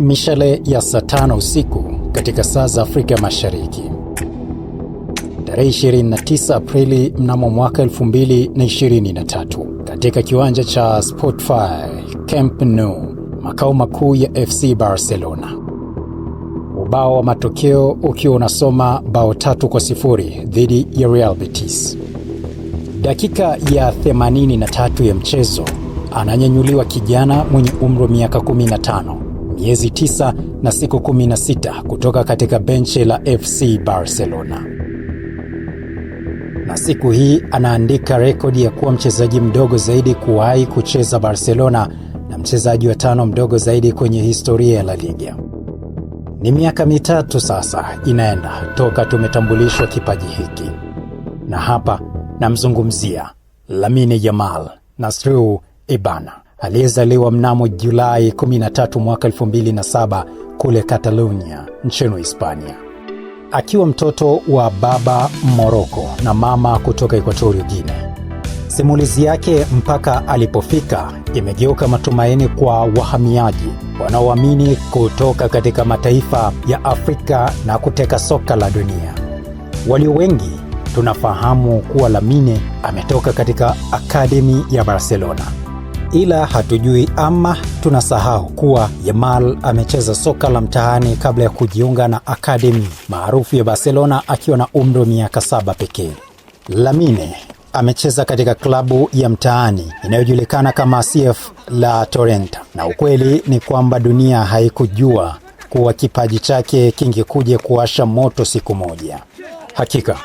mishale ya saa tano usiku katika saa za Afrika Mashariki, tarehe 29 Aprili mnamo mwaka 2023, katika kiwanja cha Spotify Camp Nou, makao makuu ya FC Barcelona, ubao wa matokeo ukiwa unasoma bao tatu kwa sifuri dhidi ya Real Betis. Dakika ya 83 ya mchezo ananyanyuliwa kijana mwenye umri wa miaka 15 miezi 9 na siku 16 kutoka katika benchi la FC Barcelona. Na siku hii anaandika rekodi ya kuwa mchezaji mdogo zaidi kuwahi kucheza Barcelona na mchezaji wa tano mdogo zaidi kwenye historia ya La Liga. Ni miaka mitatu sasa inaenda toka tumetambulishwa kipaji hiki, na hapa namzungumzia Lamine Yamal Nasriu Ibana aliyezaliwa mnamo Julai 13 mwaka 2007 kule Catalonia nchini Hispania, akiwa mtoto wa baba Moroko na mama kutoka Equatorio Guinea. Simulizi yake mpaka alipofika imegeuka matumaini kwa wahamiaji wanaoamini kutoka katika mataifa ya Afrika na kuteka soka la dunia. Walio wengi tunafahamu kuwa Lamine ametoka katika akademi ya Barcelona ila hatujui ama tunasahau kuwa Yamal amecheza soka la mtaani kabla ya kujiunga na akademi maarufu ya Barcelona akiwa na umri wa miaka saba pekee. Lamine amecheza katika klabu ya mtaani inayojulikana kama CF La Torrenta, na ukweli ni kwamba dunia haikujua kuwa kipaji chake kingekuja kuasha moto siku moja. Hakika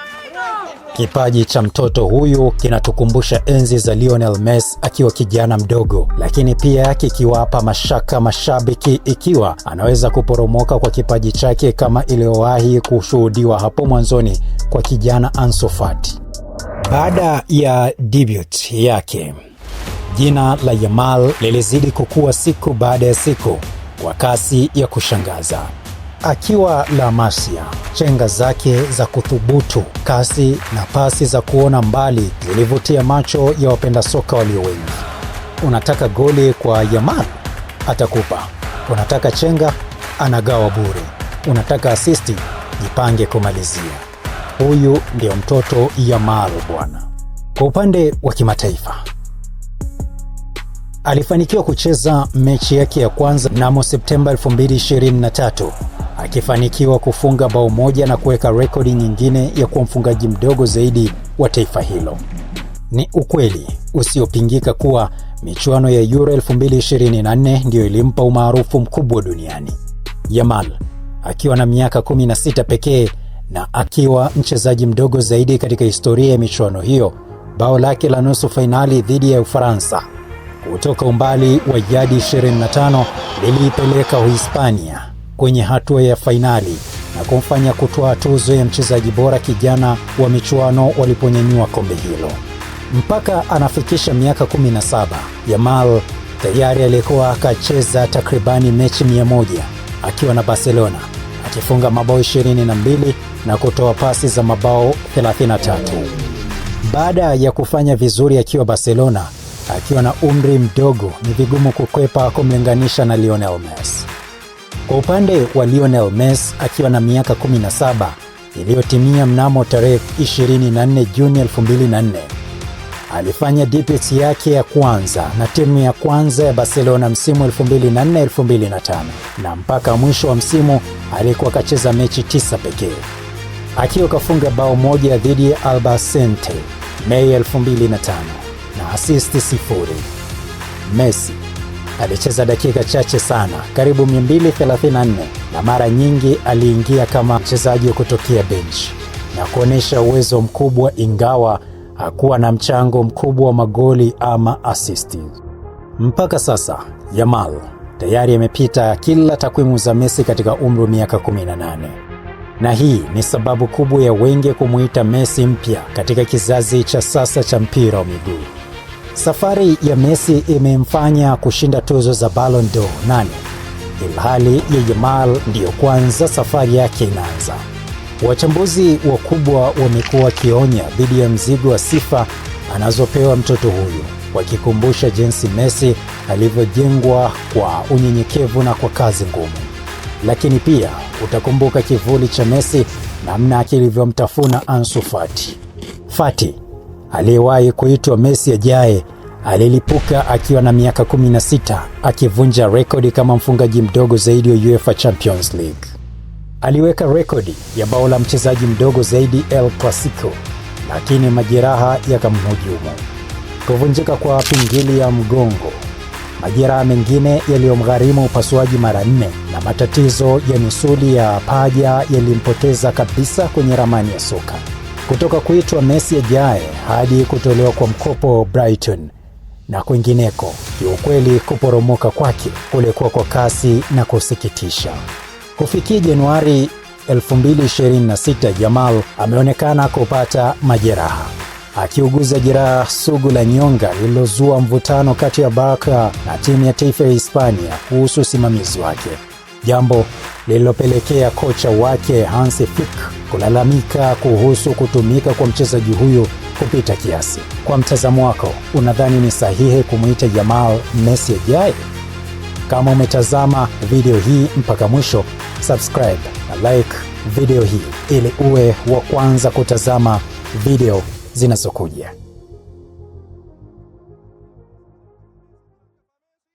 Kipaji cha mtoto huyu kinatukumbusha enzi za Lionel Messi akiwa kijana mdogo, lakini pia kikiwapa mashaka mashabiki ikiwa anaweza kuporomoka kwa kipaji chake kama iliyowahi kushuhudiwa hapo mwanzoni kwa kijana Ansu Fati. Baada ya debut yake, jina la Yamal lilizidi kukua siku baada ya siku kwa kasi ya kushangaza. Akiwa La Masia, chenga zake za kuthubutu, kasi na pasi za kuona mbali zilivutia macho ya wapenda soka walio wengi. Unataka goli kwa Yamal, atakupa. Unataka chenga, anagawa bure. Unataka asisti, jipange kumalizia. Huyu ndiyo mtoto Yamal bwana. Kwa upande wa kimataifa Alifanikiwa kucheza mechi yake ya kwanza mnamo Septemba 2023 akifanikiwa kufunga bao moja na kuweka rekodi nyingine ya kuwa mfungaji mdogo zaidi wa taifa hilo. Ni ukweli usiopingika kuwa michuano ya Euro 2024 ndiyo ilimpa umaarufu mkubwa duniani. Yamal akiwa na miaka 16 pekee na akiwa mchezaji mdogo zaidi katika historia ya michuano hiyo, bao lake la nusu fainali dhidi ya Ufaransa kutoka umbali wa yadi 25 liliipeleka Uhispania kwenye hatua ya fainali na kumfanya kutoa tuzo ya mchezaji bora kijana wa michuano waliponyanyua kombe hilo. Mpaka anafikisha miaka 17, Yamal tayari alikuwa akacheza takribani mechi 100 akiwa na Barcelona, akifunga mabao 22 na kutoa pasi za mabao 33. Baada ya kufanya vizuri akiwa Barcelona Akiwa na umri mdogo, ni vigumu kukwepa kumlinganisha na Lionel Messi. Kwa upande wa Lionel Messi akiwa na miaka 17 iliyotimia mnamo tarehe 24 Juni 2004, alifanya debut yake ya kwanza na timu ya kwanza ya Barcelona msimu 2004-2005 na mpaka mwisho wa msimu alikuwa akacheza mechi tisa pekee, akiwa kafunga bao moja dhidi ya Albacete Mei 2005 asisti sifuri. Messi alicheza dakika chache sana, karibu 234, na mara nyingi aliingia kama mchezaji kutokea benchi na kuonyesha uwezo mkubwa, ingawa hakuwa na mchango mkubwa wa magoli ama asisti. Mpaka sasa Yamal tayari amepita kila takwimu za Messi katika umri wa miaka 18, na hii ni sababu kubwa ya wengi kumuita Messi mpya katika kizazi cha sasa cha mpira wa miguu. Safari ya Messi imemfanya kushinda tuzo za Ballon d'Or nane, ilhali ya Yamal ndiyo kwanza safari yake inaanza. Wachambuzi wakubwa wamekuwa wakionya dhidi ya mzigo wa sifa anazopewa mtoto huyu, wakikumbusha jinsi Messi alivyojengwa kwa unyenyekevu na kwa kazi ngumu. Lakini pia utakumbuka kivuli cha Messi, namna kilivyomtafuna Ansu Fati. Fati aliyewahi kuitwa Messi ajaye alilipuka akiwa na miaka 16 akivunja rekodi kama mfungaji mdogo zaidi wa UEFA Champions League. Aliweka rekodi ya bao la mchezaji mdogo zaidi El Clasico, lakini majeraha yakamhujumu. Kuvunjika kwa pingili ya mgongo, majeraha mengine yaliyomgharimu upasuaji mara nne, na matatizo ya misuli ya paja yalimpoteza kabisa kwenye ramani ya soka kutoka kuitwa Messi ajaye hadi kutolewa kwa mkopo Brighton na kwingineko. Kiukweli, kuporomoka kwake kulikuwa kwa kasi na kusikitisha. Kufikia Januari 2026 jamal ameonekana kupata majeraha akiuguza jeraha sugu la nyonga lililozua mvutano kati ya Barca na timu ya taifa ya Hispania kuhusu usimamizi wake, jambo lililopelekea kocha wake Hansi Flick kulalamika kuhusu kutumika kwa mchezaji huyo kupita kiasi. Kwa mtazamo wako, unadhani ni sahihi kumwita jamal Messi ajaye? Kama umetazama video hii mpaka mwisho, subscribe na like video hii ili uwe wa kwanza kutazama video zinazokuja.